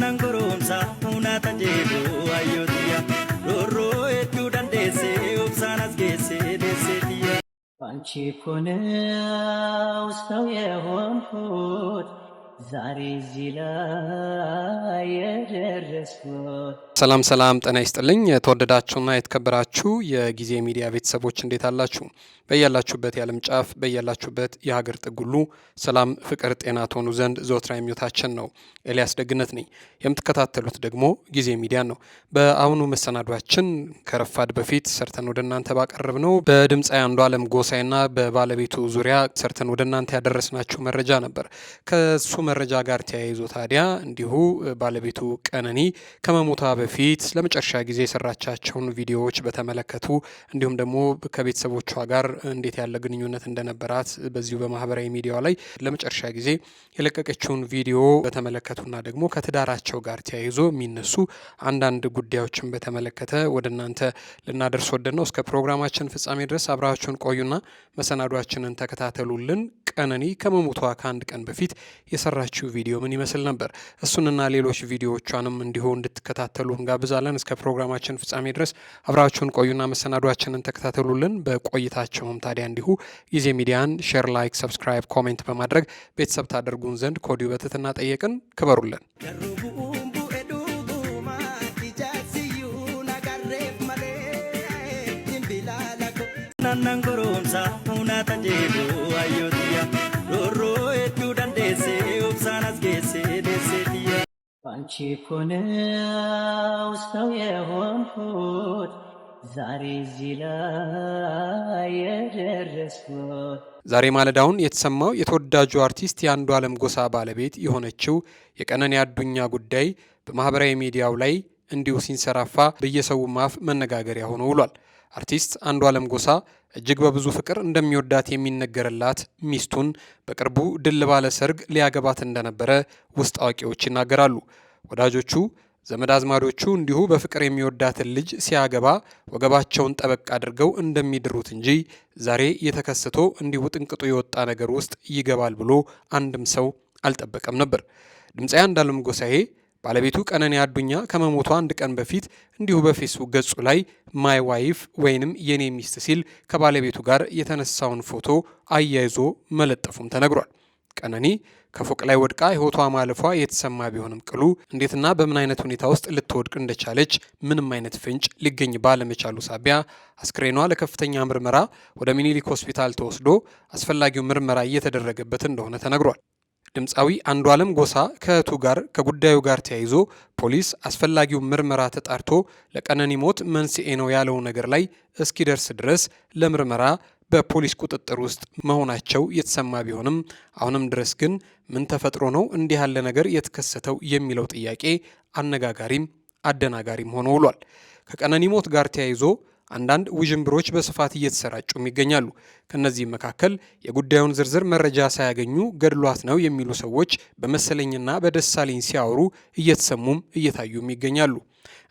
Naan goromsa uunata jeetu ayyotiya rooroo hedduu dandeessee obsaan as geessee deesseetiya. Anchi kun ustaw yehoonhut ዛሬ እዚህ ላይ ሰላም ሰላም፣ ጤና ይስጥልኝ የተወደዳችሁና የተከበራችሁ የጊዜ ሚዲያ ቤተሰቦች እንዴት አላችሁ? በያላችሁበት የዓለም ጫፍ በያላችሁበት የሀገር ጥግ ሁሉ ሰላም፣ ፍቅር፣ ጤና ትሆኑ ዘንድ ዘወትር ምኞታችን ነው። ኤልያስ ደግነት ነኝ። የምትከታተሉት ደግሞ ጊዜ ሚዲያ ነው። በአሁኑ መሰናዷችን ከረፋድ በፊት ሰርተን ወደ እናንተ ባቀረብ ነው በድምፃዊ አንዷለም ጎሳይና በባለቤቱ ዙሪያ ሰርተን ወደ እናንተ ያደረስናችሁ መረጃ ነበር። ከሱ መረጃ መረጃ ጋር ተያይዞ ታዲያ እንዲሁ ባለቤቱ ቀነኒ ከመሞቷ በፊት ለመጨረሻ ጊዜ የሰራቻቸውን ቪዲዮዎች በተመለከቱ እንዲሁም ደግሞ ከቤተሰቦቿ ጋር እንዴት ያለ ግንኙነት እንደነበራት በዚሁ በማህበራዊ ሚዲያዋ ላይ ለመጨረሻ ጊዜ የለቀቀችውን ቪዲዮ በተመለከቱና ደግሞ ከትዳራቸው ጋር ተያይዞ የሚነሱ አንዳንድ ጉዳዮችን በተመለከተ ወደ እናንተ ልናደርስ ወደን ነው። እስከ ፕሮግራማችን ፍጻሜ ድረስ አብራችሁን ቆዩና መሰናዷችንን ተከታተሉልን። ቀነኒ ከመሞቷ ከአንድ ቀን በፊት የሰራችው ቪዲዮ ምን ይመስል ነበር? እሱንና ሌሎች ቪዲዮዎቿንም እንዲሁ እንድትከታተሉ እንጋብዛለን። እስከ ፕሮግራማችን ፍጻሜ ድረስ አብራችሁን ቆዩና መሰናዷችንን ተከታተሉልን። በቆይታቸውም ታዲያ እንዲሁ ጊዜ ሚዲያን ሼር፣ ላይክ፣ ሰብስክራይብ፣ ኮሜንት በማድረግ ቤተሰብ ታደርጉን ዘንድ ኮዲው በትህትና ጠየቅን። ክበሩልን። goromsa ayyootiya hedduu deesseetiya ዛሬ ዛሬ ማለዳውን የተሰማው የተወዳጁ አርቲስት የአንዱ ዓለም ጎሳ ባለቤት የሆነችው የቀነኒ አዱኛ ጉዳይ በማህበራዊ ሚዲያው ላይ እንዲሁ ሲንሰራፋ በየሰው አፍ መነጋገሪያ ሆኖ ውሏል። አርቲስት አንዷለም ጎሳ እጅግ በብዙ ፍቅር እንደሚወዳት የሚነገርላት ሚስቱን በቅርቡ ድል ባለ ሰርግ ሊያገባት እንደነበረ ውስጥ አዋቂዎች ይናገራሉ። ወዳጆቹ ዘመድ አዝማዶቹ እንዲሁ በፍቅር የሚወዳትን ልጅ ሲያገባ ወገባቸውን ጠበቅ አድርገው እንደሚድሩት እንጂ ዛሬ የተከስቶ እንዲሁ ጥንቅጡ የወጣ ነገር ውስጥ ይገባል ብሎ አንድም ሰው አልጠበቀም ነበር። ድምፃዊ አንዷለም ጎሳዬ ባለቤቱ ቀነኒ አዱኛ ከመሞቷ አንድ ቀን በፊት እንዲሁ በፌስቡክ ገጹ ላይ ማይ ዋይፍ ወይንም የኔ ሚስት ሲል ከባለቤቱ ጋር የተነሳውን ፎቶ አያይዞ መለጠፉም ተነግሯል። ቀነኒ ከፎቅ ላይ ወድቃ ሕይወቷ ማለፏ የተሰማ ቢሆንም ቅሉ እንዴትና በምን አይነት ሁኔታ ውስጥ ልትወድቅ እንደቻለች ምንም አይነት ፍንጭ ሊገኝ ባለመቻሉ ሳቢያ አስክሬኗ ለከፍተኛ ምርመራ ወደ ሚኒሊክ ሆስፒታል ተወስዶ አስፈላጊው ምርመራ እየተደረገበት እንደሆነ ተነግሯል። ድምፃዊ አለም ጎሳ ከእህቱ ጋር ከጉዳዩ ጋር ተያይዞ ፖሊስ አስፈላጊው ምርመራ ተጣርቶ ለቀነኒ ሞት መንስኤ ነው ያለው ነገር ላይ እስኪደርስ ድረስ ለምርመራ በፖሊስ ቁጥጥር ውስጥ መሆናቸው የተሰማ ቢሆንም አሁንም ድረስ ግን ምን ተፈጥሮ ነው እንዲህ ያለ ነገር የተከሰተው የሚለው ጥያቄ አነጋጋሪም አደናጋሪም ሆኖ ውሏል። ከቀነኒ ሞት ጋር ተያይዞ አንዳንድ ውዥንብሮች በስፋት እየተሰራጩም ይገኛሉ። ከነዚህም መካከል የጉዳዩን ዝርዝር መረጃ ሳያገኙ ገድሏት ነው የሚሉ ሰዎች በመሰለኝና በደሳለኝ ሲያወሩ እየተሰሙም እየታዩም ይገኛሉ።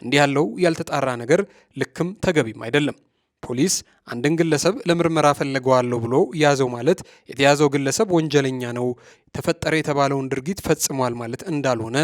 እንዲህ ያለው ያልተጣራ ነገር ልክም ተገቢም አይደለም። ፖሊስ አንድን ግለሰብ ለምርመራ ፈለገዋለሁ ብሎ ያዘው ማለት የተያዘው ግለሰብ ወንጀለኛ ነው፣ ተፈጠረ የተባለውን ድርጊት ፈጽሟል ማለት እንዳልሆነ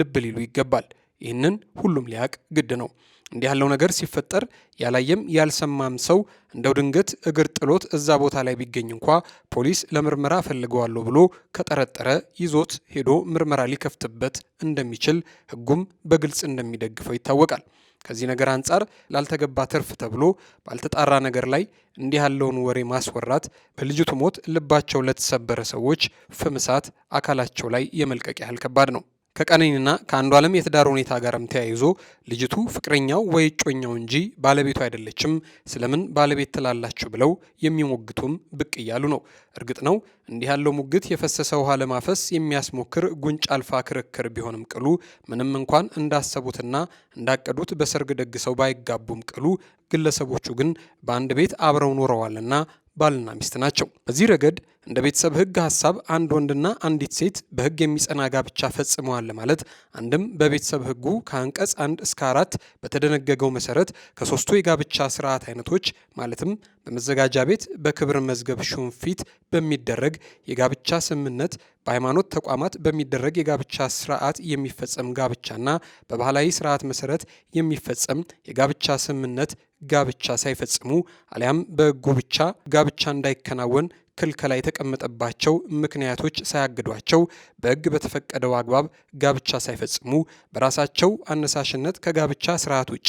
ልብ ሊሉ ይገባል። ይህንን ሁሉም ሊያቅ ግድ ነው። እንዲህ ያለው ነገር ሲፈጠር ያላየም ያልሰማም ሰው እንደው ድንገት እግር ጥሎት እዛ ቦታ ላይ ቢገኝ እንኳ ፖሊስ ለምርመራ ፈልገዋለሁ ብሎ ከጠረጠረ ይዞት ሄዶ ምርመራ ሊከፍትበት እንደሚችል ሕጉም በግልጽ እንደሚደግፈው ይታወቃል። ከዚህ ነገር አንጻር ላልተገባ ትርፍ ተብሎ ባልተጣራ ነገር ላይ እንዲህ ያለውን ወሬ ማስወራት በልጅቱ ሞት ልባቸው ለተሰበረ ሰዎች ፍምሳት አካላቸው ላይ የመልቀቅ ያህል ከባድ ነው። ከቀነኒና ከአንዱ ዓለም የትዳር ሁኔታ ጋርም ተያይዞ ልጅቱ ፍቅረኛው ወይ እጮኛው እንጂ ባለቤቱ አይደለችም፣ ስለምን ባለቤት ትላላችሁ ብለው የሚሞግቱም ብቅ እያሉ ነው። እርግጥ ነው እንዲህ ያለው ሙግት የፈሰሰ ውሃ ለማፈስ የሚያስሞክር ጉንጭ አልፋ ክርክር ቢሆንም ቅሉ ምንም እንኳን እንዳሰቡትና እንዳቀዱት በሰርግ ደግሰው ባይጋቡም ቅሉ ግለሰቦቹ ግን በአንድ ቤት አብረው ኖረዋልና ባልና ሚስት ናቸው። በዚህ ረገድ እንደ ቤተሰብ ህግ ሀሳብ አንድ ወንድና አንዲት ሴት በህግ የሚጸና ጋብቻ ፈጽመዋል ለማለት አንድም በቤተሰብ ህጉ ከአንቀጽ አንድ እስከ አራት በተደነገገው መሰረት ከሶስቱ የጋብቻ ስርዓት አይነቶች ማለትም በመዘጋጃ ቤት፣ በክብር መዝገብ ሹም ፊት በሚደረግ የጋብቻ ስምምነት በሃይማኖት ተቋማት በሚደረግ የጋብቻ ስርዓት የሚፈጸም ጋብቻና በባህላዊ ስርዓት መሰረት የሚፈጸም የጋብቻ ስምምነት ጋብቻ ሳይፈጽሙ አሊያም በህጉ ብቻ ጋብቻ እንዳይከናወን ክልከላ የተቀመጠባቸው ምክንያቶች ሳያግዷቸው በህግ በተፈቀደው አግባብ ጋብቻ ሳይፈጽሙ በራሳቸው አነሳሽነት ከጋብቻ ስርዓት ውጪ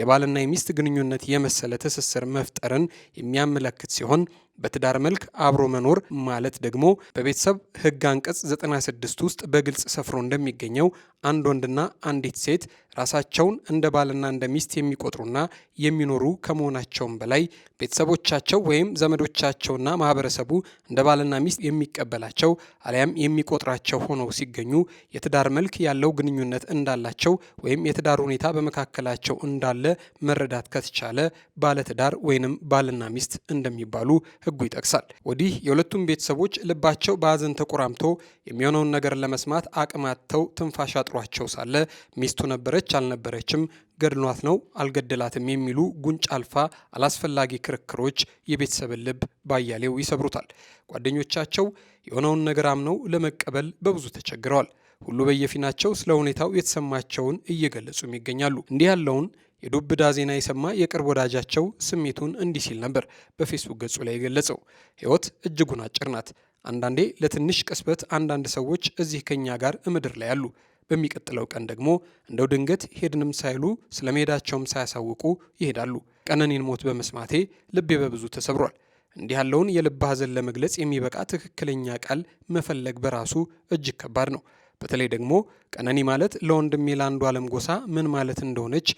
የባልና የሚስት ግንኙነት የመሰለ ትስስር መፍጠርን የሚያመለክት ሲሆን በትዳር መልክ አብሮ መኖር ማለት ደግሞ በቤተሰብ ሕግ አንቀጽ 96 ውስጥ በግልጽ ሰፍሮ እንደሚገኘው አንድ ወንድና አንዲት ሴት ራሳቸውን እንደ ባልና እንደ ሚስት የሚቆጥሩና የሚኖሩ ከመሆናቸውም በላይ ቤተሰቦቻቸው ወይም ዘመዶቻቸውና ማህበረሰቡ እንደ ባልና ሚስት የሚቀበላቸው አሊያም የሚቆጥራቸው ሆነው ሲገኙ የትዳር መልክ ያለው ግንኙነት እንዳላቸው ወይም የትዳር ሁኔታ በመካከላቸው እንዳለ መረዳት ከተቻለ ባለትዳር ወይንም ባልና ሚስት እንደሚባሉ ሕጉ ይጠቅሳል። ወዲህ የሁለቱም ቤተሰቦች ልባቸው በሀዘን ተቆራምቶ የሚሆነውን ነገር ለመስማት አቅማተው አጥተው አነጣጥሯቸው ሳለ ሚስቱ ነበረች አልነበረችም፣ ገድሏት ነው አልገደላትም የሚሉ ጉንጭ አልፋ አላስፈላጊ ክርክሮች የቤተሰብን ልብ ባያሌው ይሰብሩታል። ጓደኞቻቸው የሆነውን ነገር አምነው ለመቀበል በብዙ ተቸግረዋል። ሁሉ በየፊናቸው ስለ ሁኔታው የተሰማቸውን እየገለጹም ይገኛሉ። እንዲህ ያለውን የዱብዳ ዜና የሰማ የቅርብ ወዳጃቸው ስሜቱን እንዲህ ሲል ነበር በፌስቡክ ገጹ ላይ የገለጸው። ሕይወት እጅጉን አጭር ናት። አንዳንዴ ለትንሽ ቅስበት አንዳንድ ሰዎች እዚህ ከኛ ጋር ምድር ላይ አሉ በሚቀጥለው ቀን ደግሞ እንደው ድንገት ሄድንም ሳይሉ ስለ መሄዳቸውም ሳያሳውቁ ይሄዳሉ። ቀነኒን ሞት በመስማቴ ልቤ በብዙ ተሰብሯል። እንዲህ ያለውን የልብ ሐዘን ለመግለጽ የሚበቃ ትክክለኛ ቃል መፈለግ በራሱ እጅግ ከባድ ነው። በተለይ ደግሞ ቀነኒ ማለት ለወንድሜ ለአንዱ አለም ጎሳ ምን ማለት እንደሆነች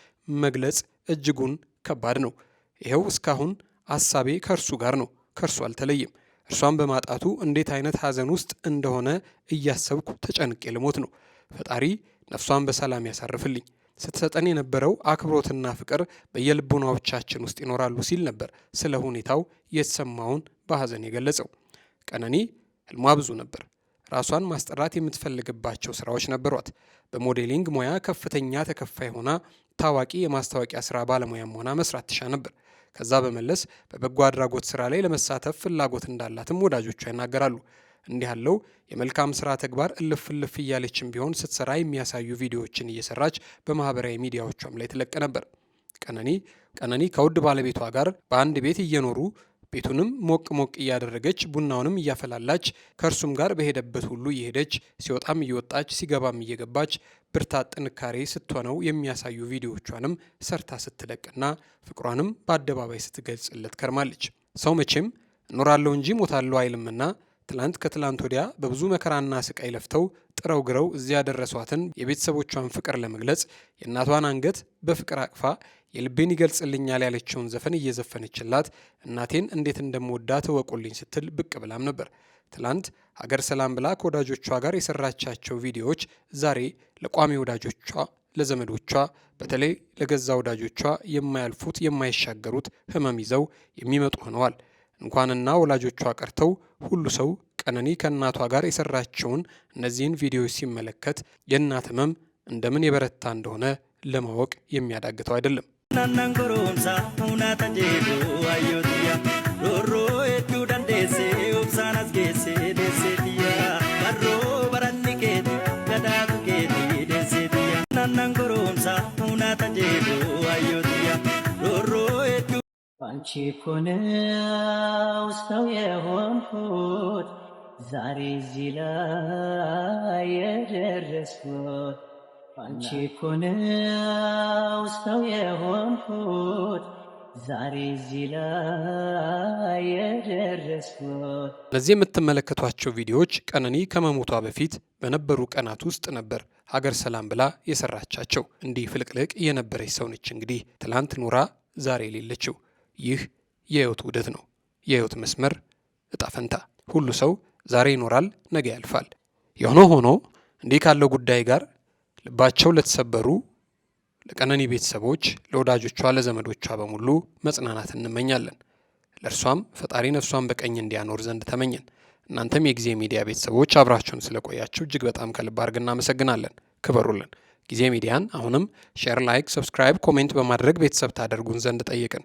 መግለጽ እጅጉን ከባድ ነው። ይኸው እስካሁን አሳቤ ከእርሱ ጋር ነው፣ ከእርሱ አልተለይም። እርሷን በማጣቱ እንዴት አይነት ሐዘን ውስጥ እንደሆነ እያሰብኩ ተጨንቄ ልሞት ነው። ፈጣሪ ነፍሷን በሰላም ያሳርፍልኝ ስትሰጠን የነበረው አክብሮትና ፍቅር በየልቦናዎቻችን ውስጥ ይኖራሉ ሲል ነበር ስለ ሁኔታው የተሰማውን በሐዘን የገለጸው። ቀነኒ ህልሟ ብዙ ነበር። ራሷን ማስጠራት የምትፈልግባቸው ስራዎች ነበሯት። በሞዴሊንግ ሙያ ከፍተኛ ተከፋይ ሆና ታዋቂ የማስታወቂያ ስራ ባለሙያም ሆና መስራት ትሻ ነበር። ከዛ በመለስ በበጎ አድራጎት ስራ ላይ ለመሳተፍ ፍላጎት እንዳላትም ወዳጆቿ ይናገራሉ። እንዲህ ያለው የመልካም ስራ ተግባር እልፍ እልፍ እያለችም ቢሆን ስትሰራ የሚያሳዩ ቪዲዮዎችን እየሰራች በማህበራዊ ሚዲያዎቿም ላይ ትለቀ ነበር። ቀነኒ ቀነኒ ከውድ ባለቤቷ ጋር በአንድ ቤት እየኖሩ ቤቱንም ሞቅ ሞቅ እያደረገች ቡናውንም እያፈላላች ከእርሱም ጋር በሄደበት ሁሉ እየሄደች ሲወጣም እየወጣች ሲገባም እየገባች ብርታት ጥንካሬ ስትሆነው የሚያሳዩ ቪዲዮዎቿንም ሰርታ ስትለቅና ፍቅሯንም በአደባባይ ስትገልጽለት ከርማለች። ሰው መቼም እኖራለሁ እንጂ ሞታለሁ አይልምና ትላንት ከትላንት ወዲያ በብዙ መከራና ስቃይ ለፍተው ጥረው ግረው እዚያ ያደረሷትን የቤተሰቦቿን ፍቅር ለመግለጽ የእናቷን አንገት በፍቅር አቅፋ የልቤን ይገልጽልኛል ያለችውን ዘፈን እየዘፈነችላት እናቴን እንዴት እንደምወዳት እወቁልኝ ስትል ብቅ ብላም ነበር። ትላንት ሀገር ሰላም ብላ ከወዳጆቿ ጋር የሰራቻቸው ቪዲዮዎች ዛሬ ለቋሚ ወዳጆቿ ለዘመዶቿ በተለይ ለገዛ ወዳጆቿ የማያልፉት የማይሻገሩት ህመም ይዘው የሚመጡ ሆነዋል። እንኳንና ወላጆቿ ቀርተው ሁሉ ሰው ቀነኒ ከእናቷ ጋር የሰራቸውን እነዚህን ቪዲዮዎች ሲመለከት የእናት ህመም እንደምን የበረታ እንደሆነ ለማወቅ የሚያዳግተው አይደለም። አንቺ እኮ ነው ሰው የሆንኩት ዛሬ እዚህ ላይ የደረስኩት። አንቺ እኮ ነው ሰው የሆንኩት ዛሬ እዚህ ላይ የደረስኩት። እነዚህ የምትመለከቷቸው ቪዲዮዎች ቀነኒ ከመሞቷ በፊት በነበሩ ቀናት ውስጥ ነበር ሀገር ሰላም ብላ የሰራቻቸው። እንዲህ ፍልቅልቅ የነበረች ሰው ነች እንግዲህ ትላንት ኑራ ዛሬ የሌለችው ይህ የህይወት ውደት ነው። የህይወት መስመር እጣ ፈንታ። ሁሉ ሰው ዛሬ ይኖራል፣ ነገ ያልፋል። የሆነ ሆኖ እንዲህ ካለው ጉዳይ ጋር ልባቸው ለተሰበሩ ለቀነኒ ቤተሰቦች፣ ለወዳጆቿ፣ ለዘመዶቿ በሙሉ መጽናናት እንመኛለን። ለእርሷም ፈጣሪ ነፍሷን በቀኝ እንዲያኖር ዘንድ ተመኘን። እናንተም የጊዜ ሚዲያ ቤተሰቦች አብራችሁን ስለቆያችሁ እጅግ በጣም ከልብ አድርገን እናመሰግናለን። ክበሩልን። ጊዜ ሚዲያን አሁንም ሼር፣ ላይክ፣ ሰብስክራይብ፣ ኮሜንት በማድረግ ቤተሰብ ታደርጉን ዘንድ ጠይቅን።